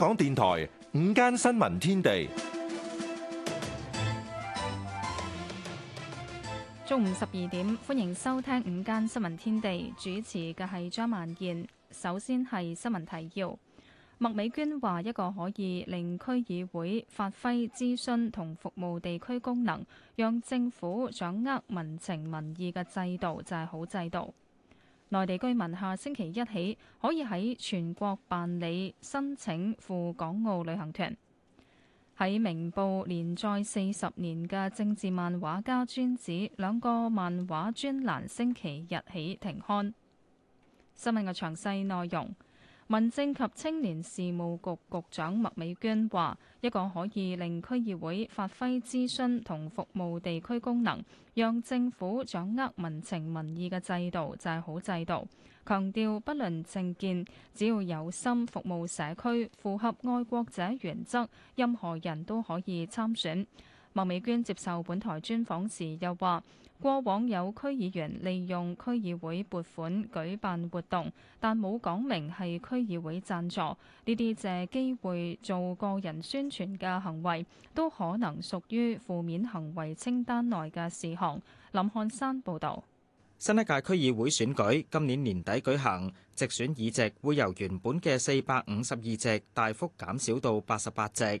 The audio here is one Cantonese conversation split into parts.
香港電台午間新聞天地，中午十二點。歡迎收聽午間新聞天地，主持嘅係張曼燕。首先係新聞提要，麥美娟話，一個可以令區議會發揮諮詢同服務地區功能，讓政府掌握民情民意嘅制度就係好制度。內地居民下星期一起可以喺全國辦理申請赴港澳旅行團。喺《明報》連載四十年嘅政治漫畫家尊子，兩個漫畫專欄星期日起停刊。新聞嘅詳細內容。民政及青年事務局局長麥美娟話，一個可以令區議會發揮諮詢同服務地區功能，讓政府掌握民情民意嘅制度，就係好制度。強調不論政見，只要有心服務社區，符合愛國者原則，任何人都可以參選。麥美娟接受本台專訪時又話，過往有區議員利用區議會撥款舉辦活動，但冇講明係區議會贊助，呢啲借機會做個人宣傳嘅行為都可能屬於負面行為清單內嘅事項，林漢山報道。新一屆區議會選舉今年年底舉行，直選議席會由原本嘅四百五十二席大幅減少到八十八席。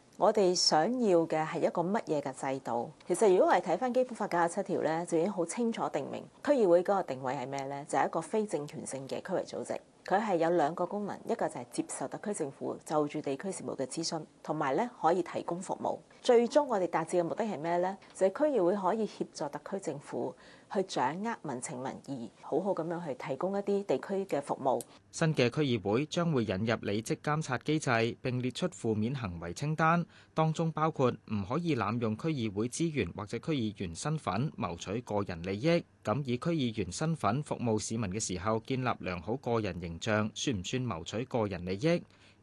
我哋想要嘅係一個乜嘢嘅制度？其實，如果我哋睇翻《基本法》九十七條，咧，就已經好清楚定明，區議會嗰個定位係咩咧？就係一個非政權性嘅區域組織，佢係有兩個功能，一個就係接受特區政府就住地區事務嘅諮詢，同埋咧可以提供服務。最終，我哋達至嘅目的係咩咧？就係區議會可以協助特區政府。去掌握民情民意，好好咁樣去提供一啲地區嘅服務。新嘅區議會將會引入履職監察機制，並列出負面行為清單，當中包括唔可以濫用區議會資源或者區議員身份謀取個人利益。咁以區議員身份服務市民嘅時候，建立良好個人形象，算唔算謀取個人利益？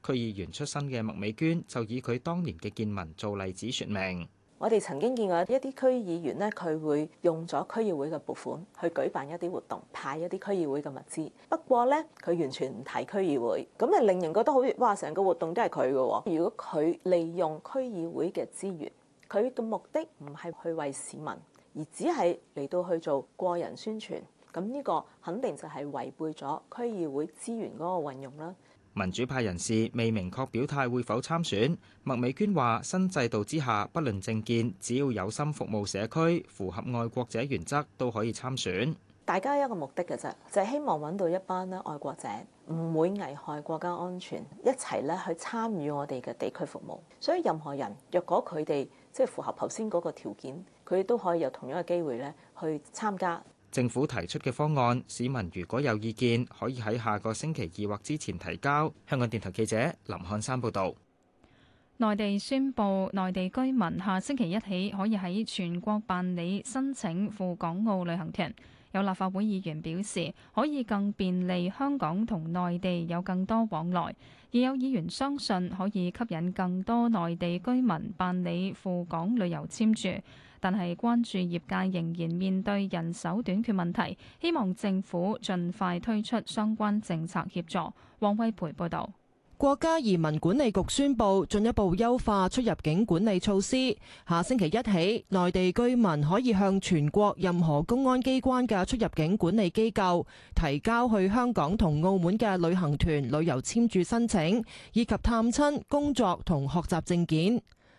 區議員出身嘅麥美娟就以佢當年嘅見聞做例子說明。我哋曾經見過一啲區議員咧，佢會用咗區議會嘅撥款去舉辦一啲活動，派一啲區議會嘅物資。不過咧，佢完全唔提區議會，咁啊令人覺得好似哇，成個活動都係佢嘅喎。如果佢利用區議會嘅資源，佢嘅目的唔係去為市民，而只係嚟到去做個人宣傳。咁呢個肯定就係違背咗區議會資源嗰個運用啦。民主派人士未明確表態會否參選。麥美娟話：新制度之下，不論政見，只要有心服務社區，符合愛國者原則，都可以參選。大家一個目的嘅啫，就係希望揾到一班咧，愛國者，唔會危害國家安全，一齊咧去參與我哋嘅地區服務，所以任何人，若果佢哋即係符合頭先嗰個條件，佢都可以有同樣嘅機會咧去參加。政府提出嘅方案，市民如果有意見可以喺下個星期二或之前提交。香港電台記者林漢山報道。內地宣布，內地居民下星期一起可以喺全國辦理申請赴港澳旅行團，有立法會議員表示，可以更便利香港同內地有更多往來，亦有議員相信，可以吸引更多內地居民辦理赴港旅遊簽注。但係關注業界仍然面對人手短缺問題，希望政府盡快推出相關政策協助。王威培報導。國家移民管理局宣布進一步優化出入境管理措施，下星期一起，內地居民可以向全國任何公安機關嘅出入境管理機構提交去香港同澳門嘅旅行團旅遊簽注申請，以及探親、工作同學習證件。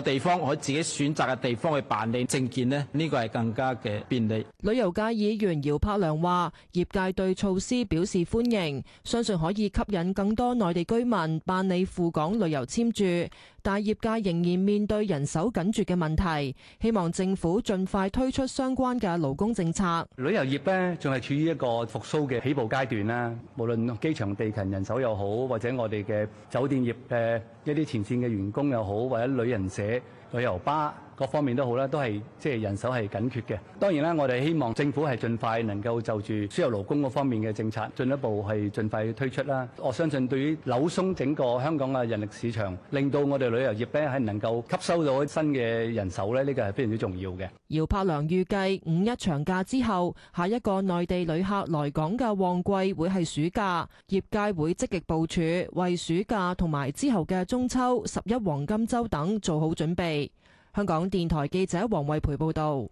地方可以自己選擇嘅地方去辦理證件呢，呢個係更加嘅便利。旅遊界議員姚柏良話，業界對措施表示歡迎，相信可以吸引更多內地居民辦理赴港旅遊簽注。大業界仍然面對人手緊絕嘅問題，希望政府盡快推出相關嘅勞工政策。旅遊業咧，仲係處於一個復甦嘅起步階段啦。無論機場地勤人手又好，或者我哋嘅酒店業，誒一啲前線嘅員工又好，或者旅行社、旅遊巴。各方面都好啦，都係即係人手係緊缺嘅。當然啦，我哋希望政府係盡快能夠就住輸入勞工嗰方面嘅政策進一步係盡快推出啦。我相信對於扭鬆整個香港嘅人力市場，令到我哋旅遊業咧係能夠吸收到新嘅人手咧，呢個係非常之重要嘅。姚柏良預計五一長假之後，下一個內地旅客來港嘅旺季會係暑假，業界會積極部署為暑假同埋之後嘅中秋、十一黃金週等做好準備。香港電台記者王慧培報道，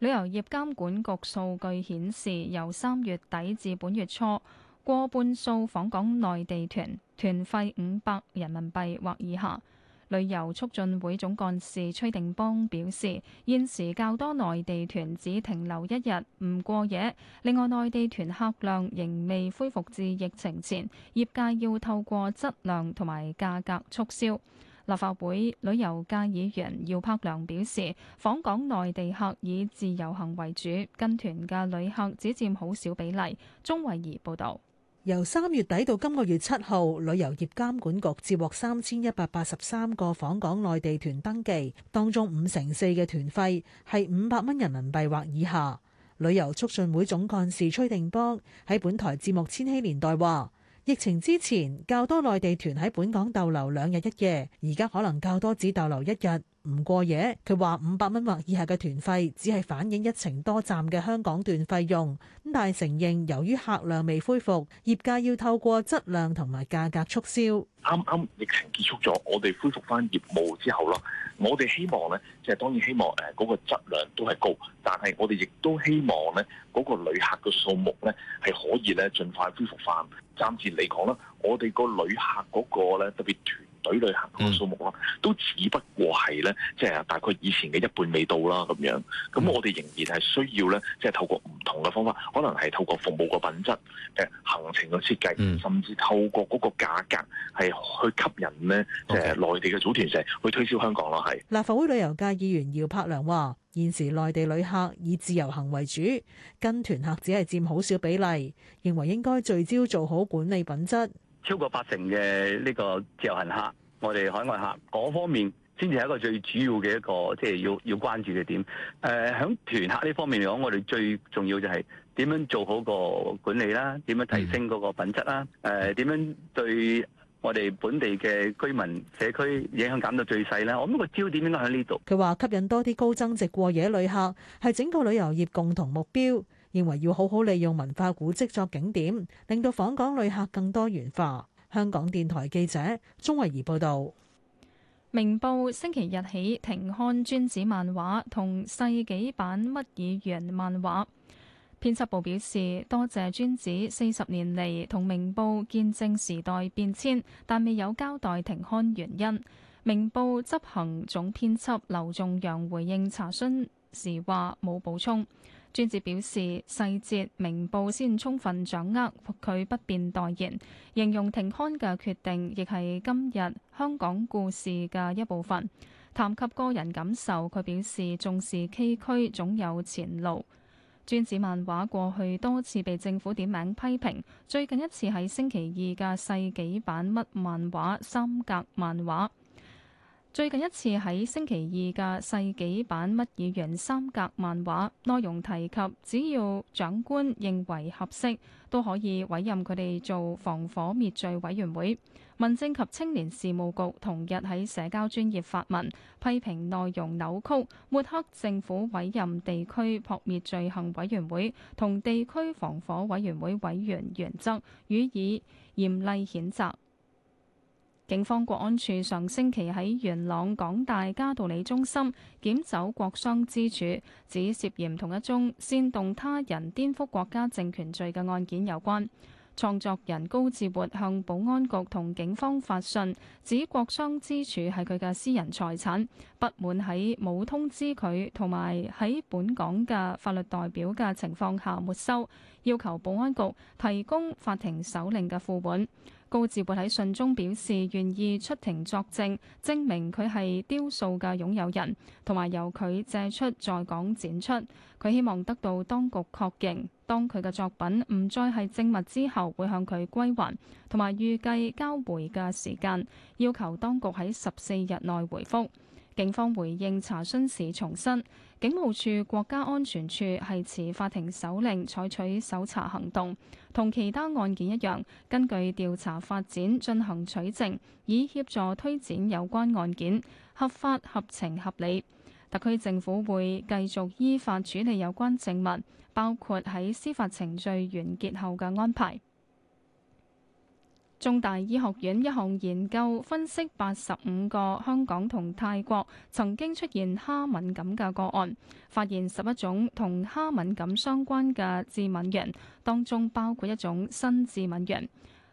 旅遊業監管局數據顯示，由三月底至本月初，過半數訪港內地團團費五百人民幣或以下。旅遊促進會總幹事崔定邦表示，現時較多內地團只停留一日，唔過夜。另外，內地團客量仍未恢復至疫情前，業界要透過質量同埋價格促銷。立法會旅遊界議員姚柏良表示，訪港內地客以自由行為主，跟團嘅旅客只佔好少比例。鍾慧儀報導，由三月底到今個月七號，旅遊業監管局接獲三千一百八十三個訪港內地團登記，當中五成四嘅團費係五百蚊人民幣或以下。旅遊促進會總幹事崔定邦喺本台節目《千禧年代》話。疫情之前較多內地團喺本港逗留兩日一夜，而家可能較多只逗留一日。唔過夜，佢話五百蚊或以下嘅團費只係反映一程多站嘅香港段費用。咁但係承認由於客量未恢復，業界要透過質量同埋價格促銷，啱啱疫情結束咗，我哋恢復翻業務之後啦，我哋希望咧，即係當然希望誒嗰個質量都係高，但係我哋亦都希望咧嗰個旅客嘅數目咧係可以咧盡快恢復翻。暫時嚟講啦，我哋個旅客嗰個咧特別團水旅行個數目咯，嗯、都只不過係咧，即、就、係、是、大概以前嘅一半未到啦，咁樣。咁我哋仍然係需要咧，即、就、係、是、透過唔同嘅方法，可能係透過服務個品質、嘅行程嘅設計，嗯、甚至透過嗰個價格，係去吸引呢，即、就、係、是、內地嘅組團社去推銷香港咯，係。立法會旅遊界議員姚柏良話：現時內地旅客以自由行為主，跟團客只係佔好少比例，認為應該聚焦做好管理品質。超過八成嘅呢個自由行客，我哋海外客嗰方面，先至係一個最主要嘅一個，即係要要關注嘅點。誒、呃，響團客呢方面嚟講，我哋最重要就係點樣做好個管理啦，點樣提升嗰個品質啦，誒、呃，點樣對我哋本地嘅居民社區影響減到最細咧。我諗個焦點應該喺呢度。佢話吸引多啲高增值過夜旅客，係整個旅遊業共同目標。認為要好好利用文化古蹟作景點，令到訪港旅客更多元化。香港電台記者鍾慧儀報道。明報星期日起停刊尊子漫畫同世紀版乜嘢圓漫畫。編輯部表示，多謝尊子四十年嚟同明報見證時代變遷，但未有交代停刊原因。明報執行總編輯劉仲陽回應查詢時話：冇補充。尊子表示細節明報先充分掌握，佢不便代言。形容停刊嘅決定亦係今日香港故事嘅一部分。談及個人感受，佢表示重視崎嶇，總有前路。尊子漫畫過去多次被政府點名批評，最近一次喺星期二嘅《世紀版乜漫畫》三格漫畫。最近一次喺星期二嘅世紀版《乜議員三格漫畫》，內容提及只要長官認為合適，都可以委任佢哋做防火滅罪委員會。民政及青年事務局同日喺社交專頁發文，批評內容扭曲，抹黑政府委任地區撲滅罪行委員會同地區防火委員會委員原則，予以嚴厲譴責。警方國安處上星期喺元朗港大嘉道理中心檢走國殤之柱，指涉嫌同一宗煽動他人顛覆國家政權罪嘅案件有關。創作人高志活向保安局同警方發信，指國殤之柱係佢嘅私人財產，不滿喺冇通知佢同埋喺本港嘅法律代表嘅情況下沒收，要求保安局提供法庭手令嘅副本。高志活喺信中表示願意出庭作證，證明佢係雕塑嘅擁有人，同埋由佢借出在港展出。佢希望得到當局確認，當佢嘅作品唔再係證物之後，會向佢歸還，同埋預計交回嘅時間。要求當局喺十四日內回覆。警方回應查詢時重申，警務處國家安全處係持法庭手令採取搜查行動，同其他案件一樣，根據調查發展進行取證，以協助推展有關案件，合法、合情、合理。特區政府會繼續依法處理有關證物，包括喺司法程序完結後嘅安排。中大醫學院一項研究分析八十五個香港同泰國曾經出現蝦敏感嘅個案，發現十一種同蝦敏感相關嘅致敏原，當中包括一種新致敏原。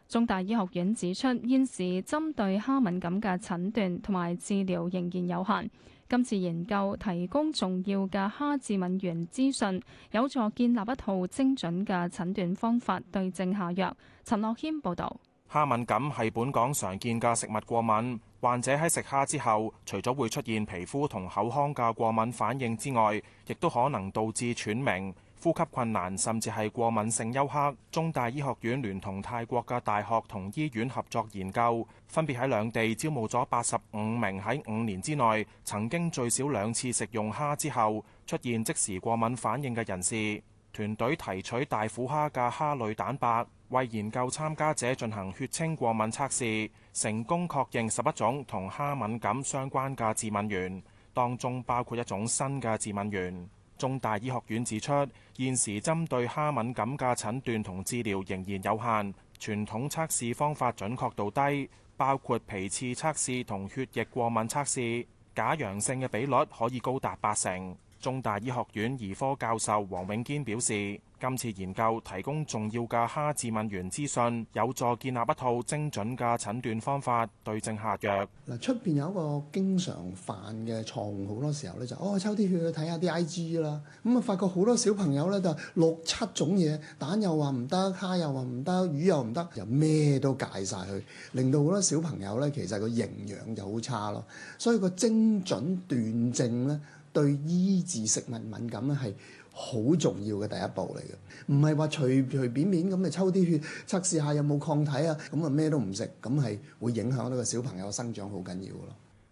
中大醫學院指出，現時針對蝦敏感嘅診斷同埋治療仍然有限。今次研究提供重要嘅蝦致敏原資訊，有助建立一套精準嘅診斷方法，對症下藥。陳樂軒報導。蝦敏感係本港常見嘅食物過敏，患者喺食蝦之後，除咗會出現皮膚同口腔嘅過敏反應之外，亦都可能導致喘鳴、呼吸困難，甚至係過敏性休克。中大醫學院聯同泰國嘅大學同醫院合作研究，分別喺兩地招募咗八十五名喺五年之內曾經最少兩次食用蝦之後出現即時過敏反應嘅人士。團隊提取大虎蝦嘅蝦類蛋白。為研究參加者進行血清過敏測試，成功確認十一種同蝦敏感相關嘅致敏原，當中包括一種新嘅致敏原。中大醫學院指出，現時針對蝦敏感嘅診斷同治療仍然有限，傳統測試方法準確度低，包括皮刺測試同血液過敏測試，假陽性嘅比率可以高達八成。中大醫學院兒科教授黃永堅表示，今次研究提供重要嘅蝦致敏源資訊，有助建立一套精準嘅診斷方法，對症下藥。嗱，出邊有一個經常犯嘅錯誤，好多時候咧就是、哦抽啲血去睇下啲 I G 啦，咁、嗯、啊發覺好多小朋友咧就六七種嘢，蛋又話唔得，蝦又話唔得，魚又唔得，又咩都戒晒佢，令到好多小朋友咧其實個營養就好差咯。所以個精準斷症咧。對醫治食物敏感咧，係好重要嘅第一步嚟嘅，唔係話隨隨便便咁咪抽啲血測試下有冇抗體啊，咁啊咩都唔食，咁係會影響到個小朋友生長，好緊要咯。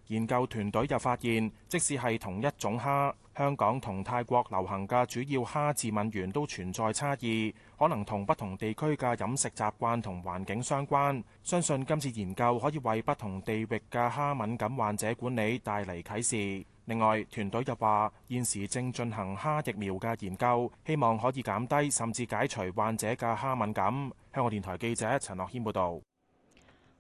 研究團隊又發現，即使係同一種蝦，香港同泰國流行嘅主要蝦致敏源都存在差異，可能同不同地區嘅飲食習慣同環境相關。相信今次研究可以為不同地域嘅蝦敏感患者管理帶嚟啟示。另外，團隊又話，現時正進行蝦疫苗嘅研究，希望可以減低甚至解除患者嘅蝦敏感。香港電台記者陳樂軒報導。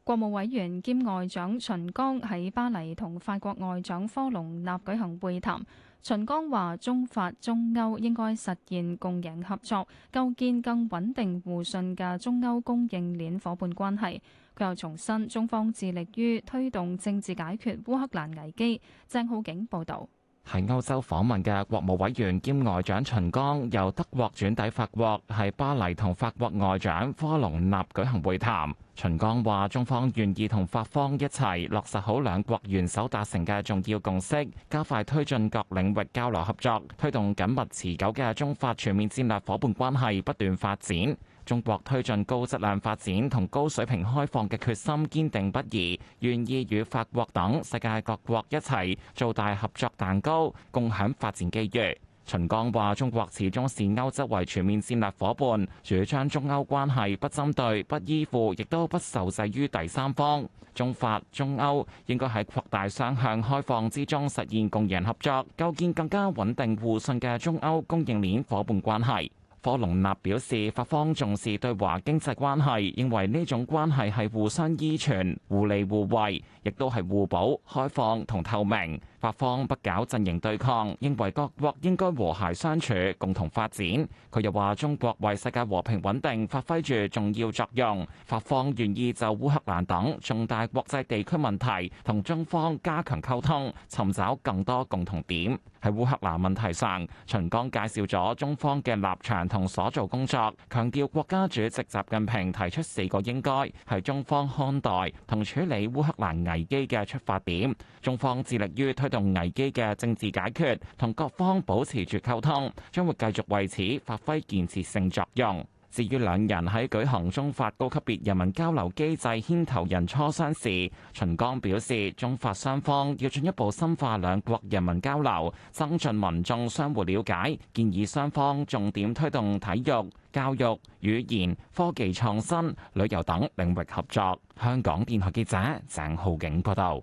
國務委員兼外長秦剛喺巴黎同法國外長科隆納舉行會談。秦剛話：中法中歐應該實現共贏合作，構建更穩定互信嘅中歐供應鏈伙伴關係。又重申中方致力於推動政治解決烏克蘭危機。鄭浩景報道，喺歐洲訪問嘅國務委員兼外長秦剛由德國轉抵法國，喺巴黎同法國外長科隆納舉行會談。秦剛話：中方願意同法方一齊落實好兩國元首達成嘅重要共識，加快推進各領域交流合作，推動緊密持久嘅中法全面戰略夥伴關係不斷發展。中國推進高質量發展同高水平開放嘅決心堅定不移，願意與法國等世界各國一齊做大合作蛋糕，共享發展機遇。秦剛話：中國始終視歐洲為全面戰略伙伴，主張中歐關係不針對、不依附，亦都不受制於第三方。中法、中歐應該喺擴大雙向開放之中實現共贏合作，構建更加穩定互信嘅中歐供應鏈伙伴關係。科隆納表示，法方重視對華經濟關係，認為呢種關係係互相依存、互利互惠。亦都係互保、開放同透明，法方不搞陣營對抗，認為各國應該和諧相處、共同發展。佢又話中國為世界和平穩定發揮住重要作用，法方願意就烏克蘭等重大國際地區問題同中方加強溝通，尋找更多共同點。喺烏克蘭問題上，秦剛介紹咗中方嘅立場同所做工作，強調國家主席習近平提出四個應該係中方看待同處理烏克蘭危機嘅出發點，中方致力於推動危機嘅政治解決，同各方保持住溝通，將會繼續為此發揮建設性作用。至於兩人喺舉行中法高級別人民交流機制牽頭人磋商時，秦剛表示，中法雙方要進一步深化兩國人民交流，增進民眾相互了解，建議雙方重點推動體育、教育、語言、科技創新、旅遊等領域合作。香港電台記者鄭浩景報道。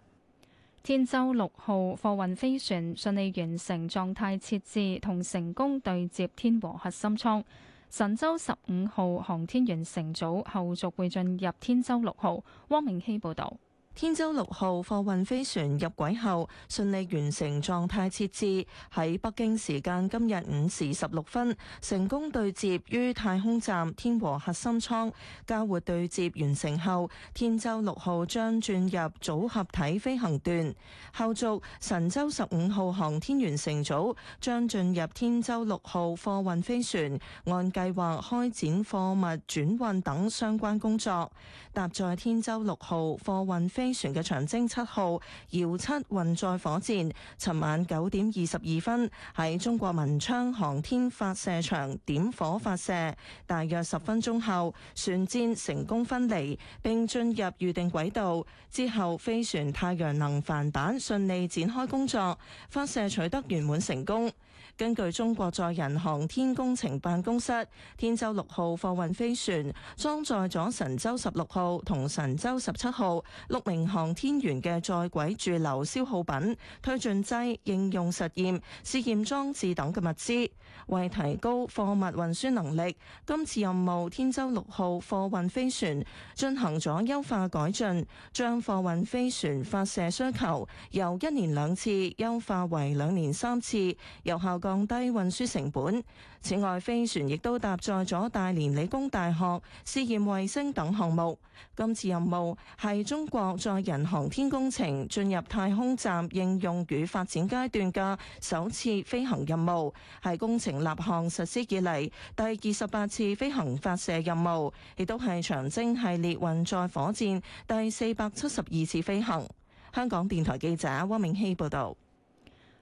天舟六號貨運飛船順利完成狀態設置同成功對接天和核心艙。神舟十五號航天員乘組後續會進入天舟六號。汪明希報道。天舟六號貨運飛船入軌後，順利完成狀態設置，喺北京時間今日五時十六分，成功對接於太空站天和核心艙。交會對接完成後，天舟六號將轉入組合體飛行段。後續神舟十五號航天員乘組將進入天舟六號貨運飛船，按計劃開展貨物轉運等相關工作。搭載天舟六號貨運飛飛船嘅長征七號遙七運載火箭，尋晚九點二十二分喺中國文昌航天發射場點火發射，大約十分鐘後，船箭成功分離並進入預定軌道，之後飛船太陽能帆板順利展開工作，發射取得圓滿成功。根據中國載人航天工程辦公室，天舟六號貨運飛船裝載咗神舟十六號同神舟十七號六名航天員嘅在軌駐留消耗品、推進劑、應用實驗、試驗裝置等嘅物資。為提高貨物運輸能力，今次任務天舟六號貨運飛船進行咗優化改進，將貨運飛船發射需求由一年兩次優化為兩年三次，有效降低運輸成本。此外，飛船亦都搭載咗大連理工大學試驗衛星等項目。今次任務係中國載人航天工程進入太空站應用與發展階段嘅首次飛行任務，係工程。立項實施以來第二十八次飛行發射任務，亦都係長征系列運載火箭第四百七十二次飛行。香港電台記者汪明希報道：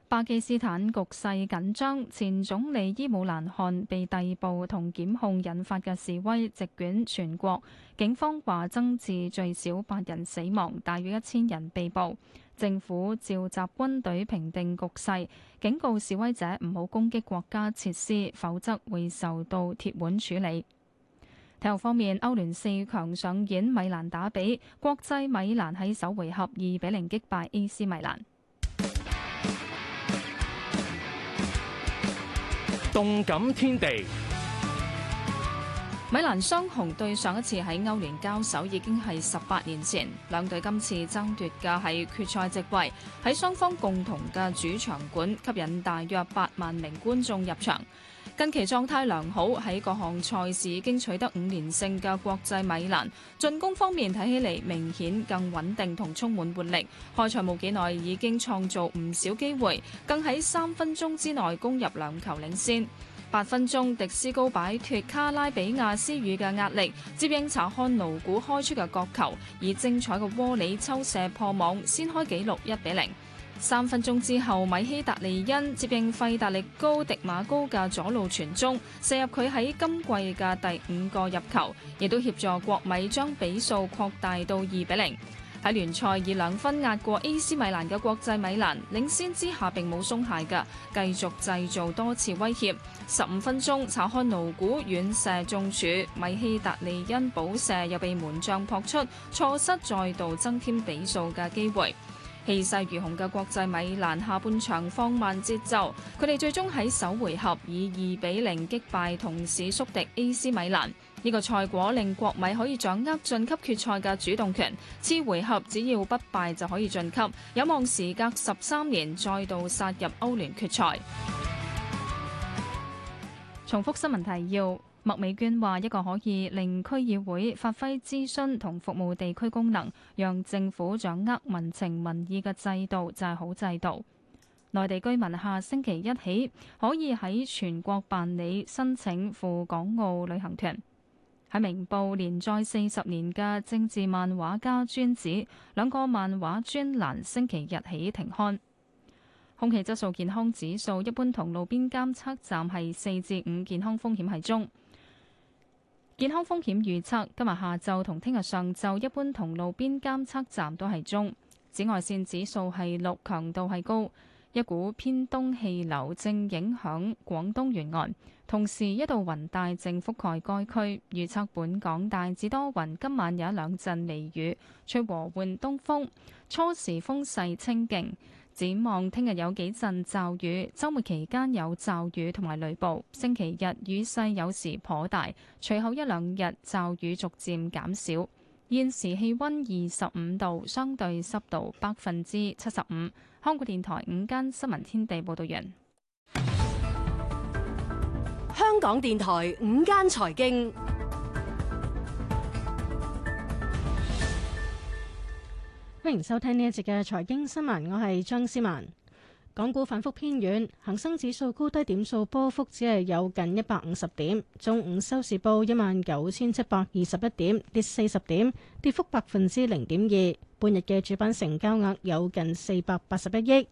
巴基斯坦局勢緊張，前總理伊姆蘭汗被逮捕同檢控，引發嘅示威席捲全國。警方話增至最少八人死亡，大約一千人被捕。政府召集軍隊平定局勢，警告示威者唔好攻擊國家設施，否則會受到鐵腕處理。體育方面，歐聯四強上演米蘭打比，國際米蘭喺首回合二比零擊敗 AC 米蘭。動感天地。米蘭雙雄對上一次喺歐聯交手已經係十八年前，兩隊今次爭奪嘅係決賽席位，喺雙方共同嘅主場館吸引大約八萬名觀眾入場。近期狀態良好，喺各項賽事已經取得五連勝嘅國際米蘭，進攻方面睇起嚟明顯更穩定同充滿活力。開賽冇幾耐已經創造唔少機會，更喺三分鐘之內攻入兩球領先。八分鐘，迪斯高擺脱卡拉比亞斯語嘅壓力，接應查看奴古開出嘅角球，以精彩嘅窩裏抽射破網，先開紀錄一比零。三分鐘之後，米希達利恩接應費達力高迪馬高嘅左路傳中，射入佢喺今季嘅第五個入球，亦都協助國米將比數擴大到二比零。喺聯賽以兩分壓過 AC 米蘭嘅國際米蘭，領先之下並冇鬆懈㗎，繼續製造多次威脅。十五分鐘炒開，查克奴古遠射中柱，米希達利恩補射又被門將撲出，錯失再度增添比數嘅機會。氣勢如虹嘅國際米蘭下半場放慢節奏，佢哋最終喺首回合以二比零擊敗同市宿敵 AC 米蘭。呢個賽果令國米可以掌握晉級決賽嘅主動權。次回合只要不敗就可以晉級，有望時隔十三年再度殺入歐聯決賽。重複新聞提要：麥美娟話，一個可以令區議會發揮諮詢同服務地區功能，讓政府掌握民情民意嘅制度就係好制度。內地居民下星期一起可以喺全國辦理申請赴港澳旅行團。喺《明報》連載四十年嘅政治漫畫家尊子，兩個漫畫專欄星期日起停刊。空氣質素健康指數一般同路邊監測站係四至五，健康風險係中。健康風險預測今日下晝同聽日上晝一般同路邊監測站都係中。紫外線指數係六，強度係高。一股偏東氣流正影響廣東沿岸。同時，一道雲帶正覆蓋該區，預測本港大致多雲，今晚有一兩陣微雨，吹和緩東風，初時風勢清勁。展望聽日有幾陣驟雨，週末期間有驟雨同埋雷暴，星期日雨勢有時頗大，隨後一兩日驟雨逐漸減少。現時氣温二十五度，相對濕度百分之七十五。香港電台午間新聞天地報道完。香港電台午間財經，歡迎收聽呢一節嘅財經新聞。我係張思曼。港股反覆偏軟，恒生指數高低點數波幅只係有近一百五十點。中午收市報一萬九千七百二十一點，跌四十點，跌幅百分之零點二。半日嘅主板成交額有近四百八十一億。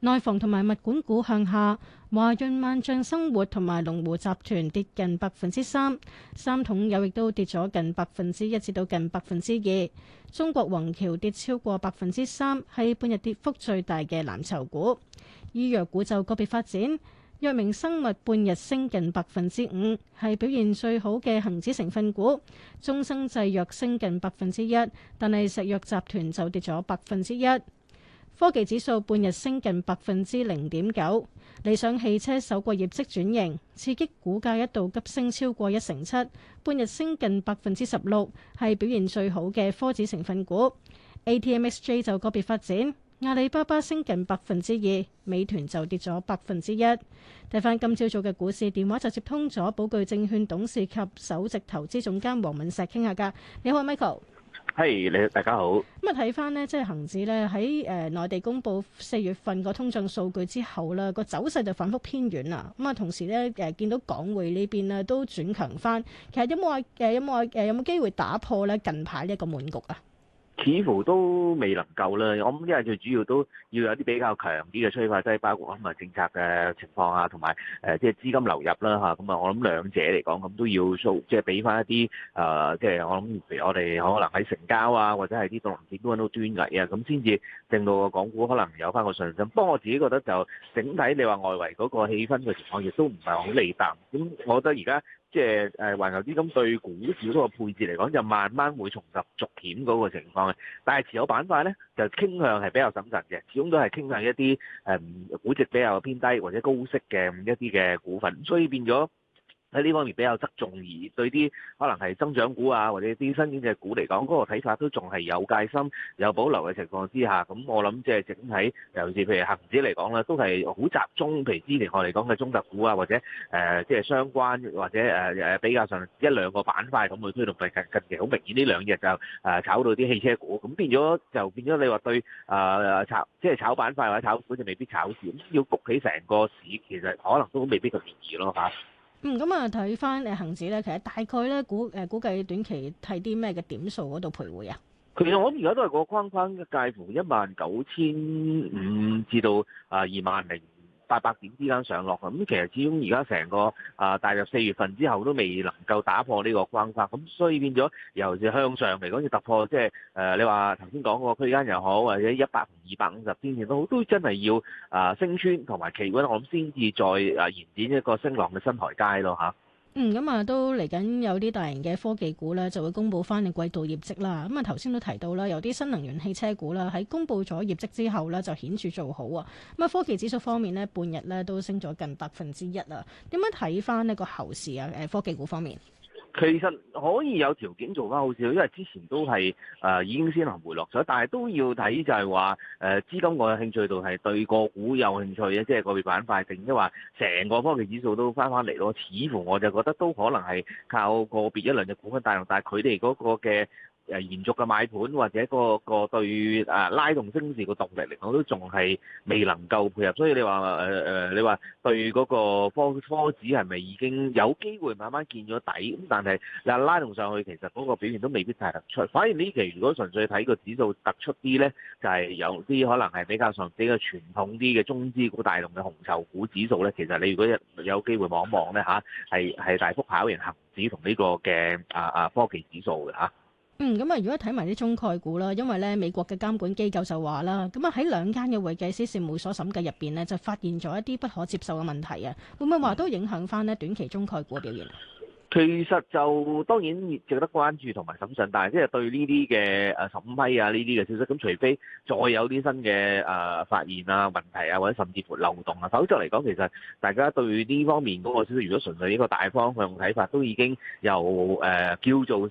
內房同埋物管股向下，華潤萬象生活同埋龍湖集團跌近百分之三，三桶油亦都跌咗近百分之一至到近百分之二。中國宏橋跌超過百分之三，係半日跌幅最大嘅藍籌股。醫藥股就個別發展，藥明生物半日升近百分之五，係表現最好嘅恒指成分股。中生製藥升近百分之一，但係石藥集團就跌咗百分之一。科技指數半日升近百分之零點九，理想汽車首個業績轉型，刺激股價一度急升超過一成七，半日升近百分之十六，係表現最好嘅科指成分股。ATMXJ 就個別發展，阿里巴巴升近百分之二，美團就跌咗百分之一。睇翻今朝早嘅股市電話就接通咗，寶具證券董事及首席投資總監黃敏石傾下㗎。你好，Michael。係你、hey, 大家好。咁啊，睇翻咧，即係恒指咧喺誒內地公布四月份個通脹數據之後啦，個走勢就反覆偏軟啦。咁啊，同時咧，誒見到港匯呢邊咧都轉強翻。其實有冇話誒，有冇誒，有冇機會打破咧近排呢一個滿局啊？似乎都未能夠啦，我諗因為最主要都要有啲比較強啲嘅催化劑，包括咁啊政策嘅情況啊，同埋誒即係資金流入啦、啊、嚇，咁啊我諗兩者嚟講咁都要做，即係俾翻一啲誒，即、呃、係、就是、我諗譬如我哋可能喺成交啊，或者係啲動能點樣都端倪啊，咁先至令到個港股可能有翻個信心。不過我自己覺得就整體你話外圍嗰個氣氛嘅情況亦都唔係好利淡，咁我覺得而家。即係誒，環球基金對股市嗰個配置嚟講，就慢慢會重拾逐險嗰個情況嘅。但係持有板塊咧，就傾向係比較審慎嘅，始終都係傾向一啲誒估值比較偏低或者高息嘅一啲嘅股份，所以變咗。喺呢方面比較側重，而對啲可能係增長股啊，或者啲新經濟股嚟講，嗰個睇法都仲係有戒心、有保留嘅情況之下，咁我諗即係整體，尤其是譬如恒指嚟講咧，都係好集中，譬如之前我哋講嘅中特股啊，或者誒即係相關或者誒誒比較上一兩個板塊咁去推動，但近近期好明顯呢兩日就誒炒到啲汽車股，咁變咗就變咗你話對誒炒即係炒板塊或者炒股就未必炒市，要谷起成個市其實可能都未必咁易咯嚇。嗯，咁啊睇翻誒恆指咧，其實大概咧估誒估計短期睇啲咩嘅點數嗰度徘徊啊？其實我諗而家都係個框框嘅介乎，一萬九千五至到啊二萬零八百點之間上落，咁其實始終而家成個啊大約四月份之後都未能夠打破呢個關卡，咁所以變咗由向上嚟講要突破，即係誒你話頭先講個區間又好，或者一百同二百五十天線都好，都真係要啊升穿同埋企穩，我諗先至再啊延展一個升浪嘅新台階咯嚇。啊嗯，咁啊都嚟緊有啲大型嘅科技股咧，就會公布翻你季度業績啦。咁啊頭先都提到啦，有啲新能源汽車股啦，喺公布咗業績之後咧，就顯著做好啊。咁、嗯、啊科技指數方面呢，半日咧都升咗近百分之一啊。點樣睇翻呢個後市啊？誒、呃，科技股方面？其實可以有條件做翻好少，因為之前都係誒、呃、已經先行回落咗，但係都要睇就係話誒資金我嘅興趣度係對個股有興趣嘅，即係個別板塊定即係話成個科技指數都翻翻嚟咯。似乎我就覺得都可能係靠個別一輪嘅股份大啊，但係佢哋嗰個嘅。誒延續嘅買盤，或者、嗰個、嗰個對誒拉動升市個動力嚟講，我都仲係未能夠配合。所以你話誒誒，你話對嗰個科科指係咪已經有機會慢慢見咗底？咁但係嗱拉動上去，其實嗰個表現都未必太突出。反而呢期如果純粹睇個指數突出啲咧，就係、是、有啲可能係比較上比較傳統啲嘅中資股大龍嘅紅籌股指數咧。其實你如果有機會望一望咧嚇，係、啊、係大幅跑贏恆指同呢個嘅啊啊科技指數嘅嚇。啊。嗯，咁啊，如果睇埋啲中概股啦，因為咧美國嘅監管機構就話啦，咁啊喺兩間嘅會計師事務所審計入邊呢，就發現咗一啲不可接受嘅問題啊，會唔會話都影響翻咧短期中概股嘅表現？其實就當然值得關注同埋審慎，但係即係對呢啲嘅誒十五審批啊呢啲嘅消息，咁除非再有啲新嘅誒發現啊問題啊或者甚至乎漏洞啊，否則嚟講其實大家對呢方面嗰個消息，如果純粹呢個大方向睇法，都已經又誒、呃、叫做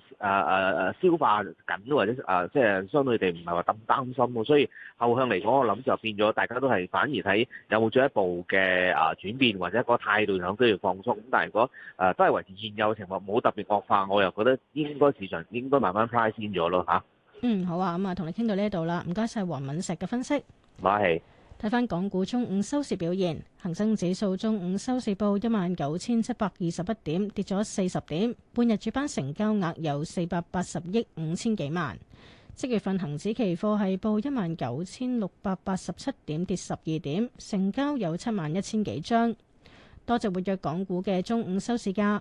誒誒誒消化緊或者誒即係相對地唔係話咁擔心，所以後向嚟講，我諗就變咗大家都係反而睇有冇進一步嘅誒轉變或者個態度上都要放鬆。咁但係如果誒、呃、都係維持現有。情況冇特別惡化，我又覺得應該市場應該慢慢 price 先咗咯嚇。啊、嗯，好啊，咁、嗯、啊，同你傾到呢度啦。唔該晒，黃敏石嘅分析，唔該氣。睇翻港股中午收市表現，恒生指數中午收市報一萬九千七百二十一點，跌咗四十點。半日主板成交額有四百八十億五千幾萬。即月份恒指期貨係報一萬九千六百八十七點，跌十二點，成交有七萬一千幾張。多隻活躍港股嘅中午收市價。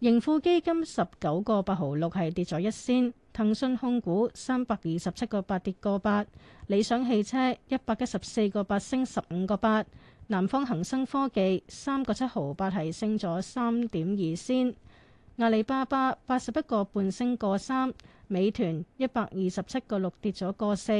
盈富基金十九個八毫六係跌咗一仙，騰訊控股三百二十七個八跌個八，理想汽車一百一十四個八升十五個八，南方恒生科技三個七毫八係升咗三點二仙，阿里巴巴八十一個半升個三，美團一百二十七個六跌咗個四，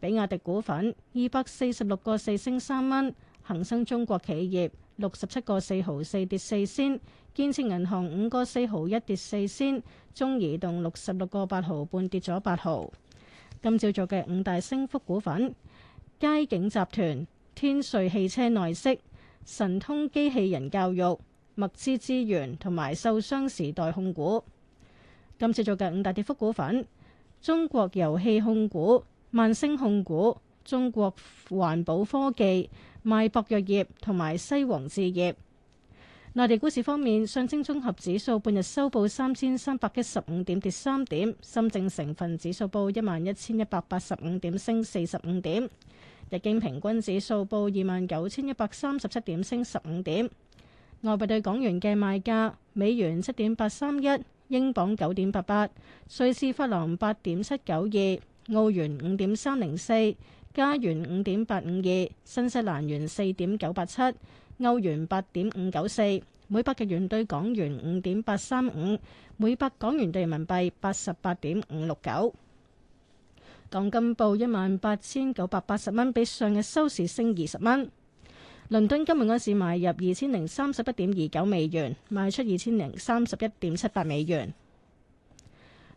比亞迪股份二百四十六個四升三蚊，恒生中國企業。六十七個四毫四跌四仙，建設銀行五個四毫一跌四仙，中移動六十六個八毫半跌咗八毫。今朝做嘅五大升幅股份：佳景集團、天瑞汽車內飾、神通機器人教育、麥資資源同埋受商時代控股。今朝做嘅五大跌幅股份：中國遊戲控股、萬星控股。中國環保科技、邁博藥業同埋西王置業。內地股市方面，上證綜合指數半日收報三千三百一十五點，跌三點；深證成分指數報一萬一千一百八十五點，升四十五點；日經平均指數報二萬九千一百三十七點，升十五點。外幣對港元嘅賣價：美元七點八三一，英鎊九點八八，瑞士法郎八點七九二，澳元五點三零四。加元五點八五二，新西蘭元四點九八七，歐元八點五九四，每百日元兌港元五點八三五，每百港元兌人民幣八十八點五六九。港金報一萬八千九百八十蚊，比上日收市升二十蚊。倫敦金每盎司買入二千零三十一點二九美元，賣出二千零三十一點七八美元。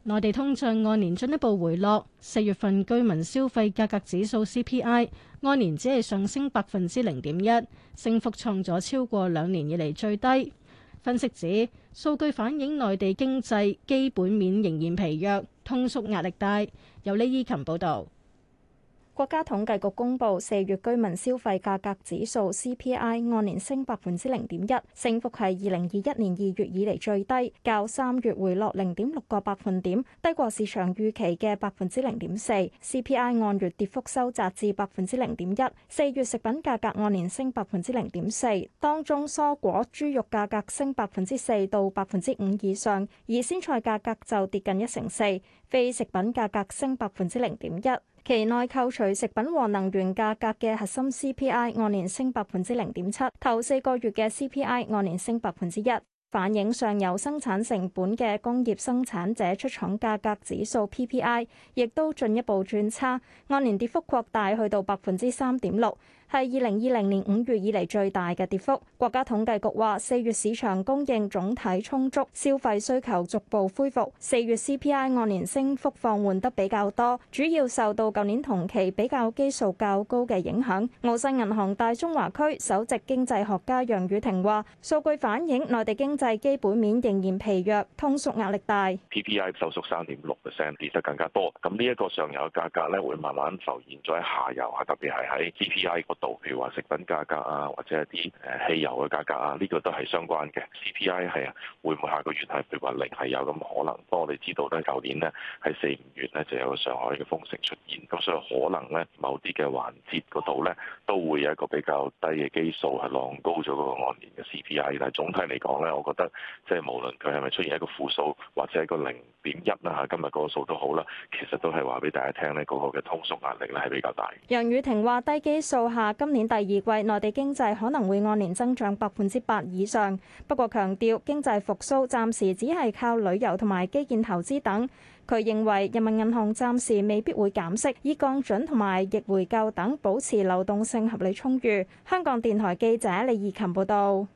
內地通脹按年進一步回落，四月份居民消費價格指數 CPI 按年只係上升百分之零點一，升幅創咗超過兩年以嚟最低。分析指數據反映內地經濟基本面仍然疲弱，通縮壓力大。由李依琴報道。國家統計局公布四月居民消費價格指數 CPI 按年升百分之零點一，升幅係二零二一年二月以嚟最低，較三月回落零點六個百分點，低過市場預期嘅百分之零點四。CPI 按月跌幅收窄至百分之零點一。四月食品價格按年升百分之零點四，當中蔬果、豬肉價格升百分之四到百分之五以上，而鮮菜價格就跌近一成四，非食品價格升百分之零點一。期內扣除食品和能源價格嘅核心 CPI 按年升百分之零點七，頭四個月嘅 CPI 按年升百分之一，反映上游生產成本嘅工業生產者出廠價格指數 PPI 亦都進一步轉差，按年跌幅擴大，大去到百分之三點六。係二零二零年五月以嚟最大嘅跌幅。國家統計局話，四月市場供應總體充足，消費需求逐步恢復。四月 CPI 按年升幅放緩得比較多，主要受到舊年同期比較基數較高嘅影響。澳新銀行大中華區首席經濟學家楊宇婷話：數據反映內地經濟基本面仍然疲弱，通縮壓力大。PPI 收縮三點六個 percent，跌得更加多。咁呢一個上游嘅價格咧，會慢慢浮現咗喺下游啊，特別係喺 GPI 度，譬如話食品價格啊，或者一啲誒汽油嘅價格啊，呢個都係相關嘅。CPI 係會唔會下個月係譬如話零係有咁可能？我哋知道咧，舊年呢係四五月咧就有上海嘅封城出現，咁所以可能咧某啲嘅環節嗰度咧都會有一個比較低嘅基數係浪高咗嗰個按年嘅 CPI，但係總體嚟講咧，我覺得即係無論佢係咪出現一個負數或者一個零點一啦，今日個數都好啦，其實都係話俾大家聽咧，嗰個個嘅通縮壓力咧係比較大。楊雨婷話：低基數下，今年第二季，內地經濟可能會按年增長百分之八以上。不過強調，經濟復甦暫時只係靠旅遊同埋基建投資等。佢認為，人民銀行暫時未必會減息，以降準同埋逆回購等保持流動性合理充裕。香港電台記者李怡琴報道。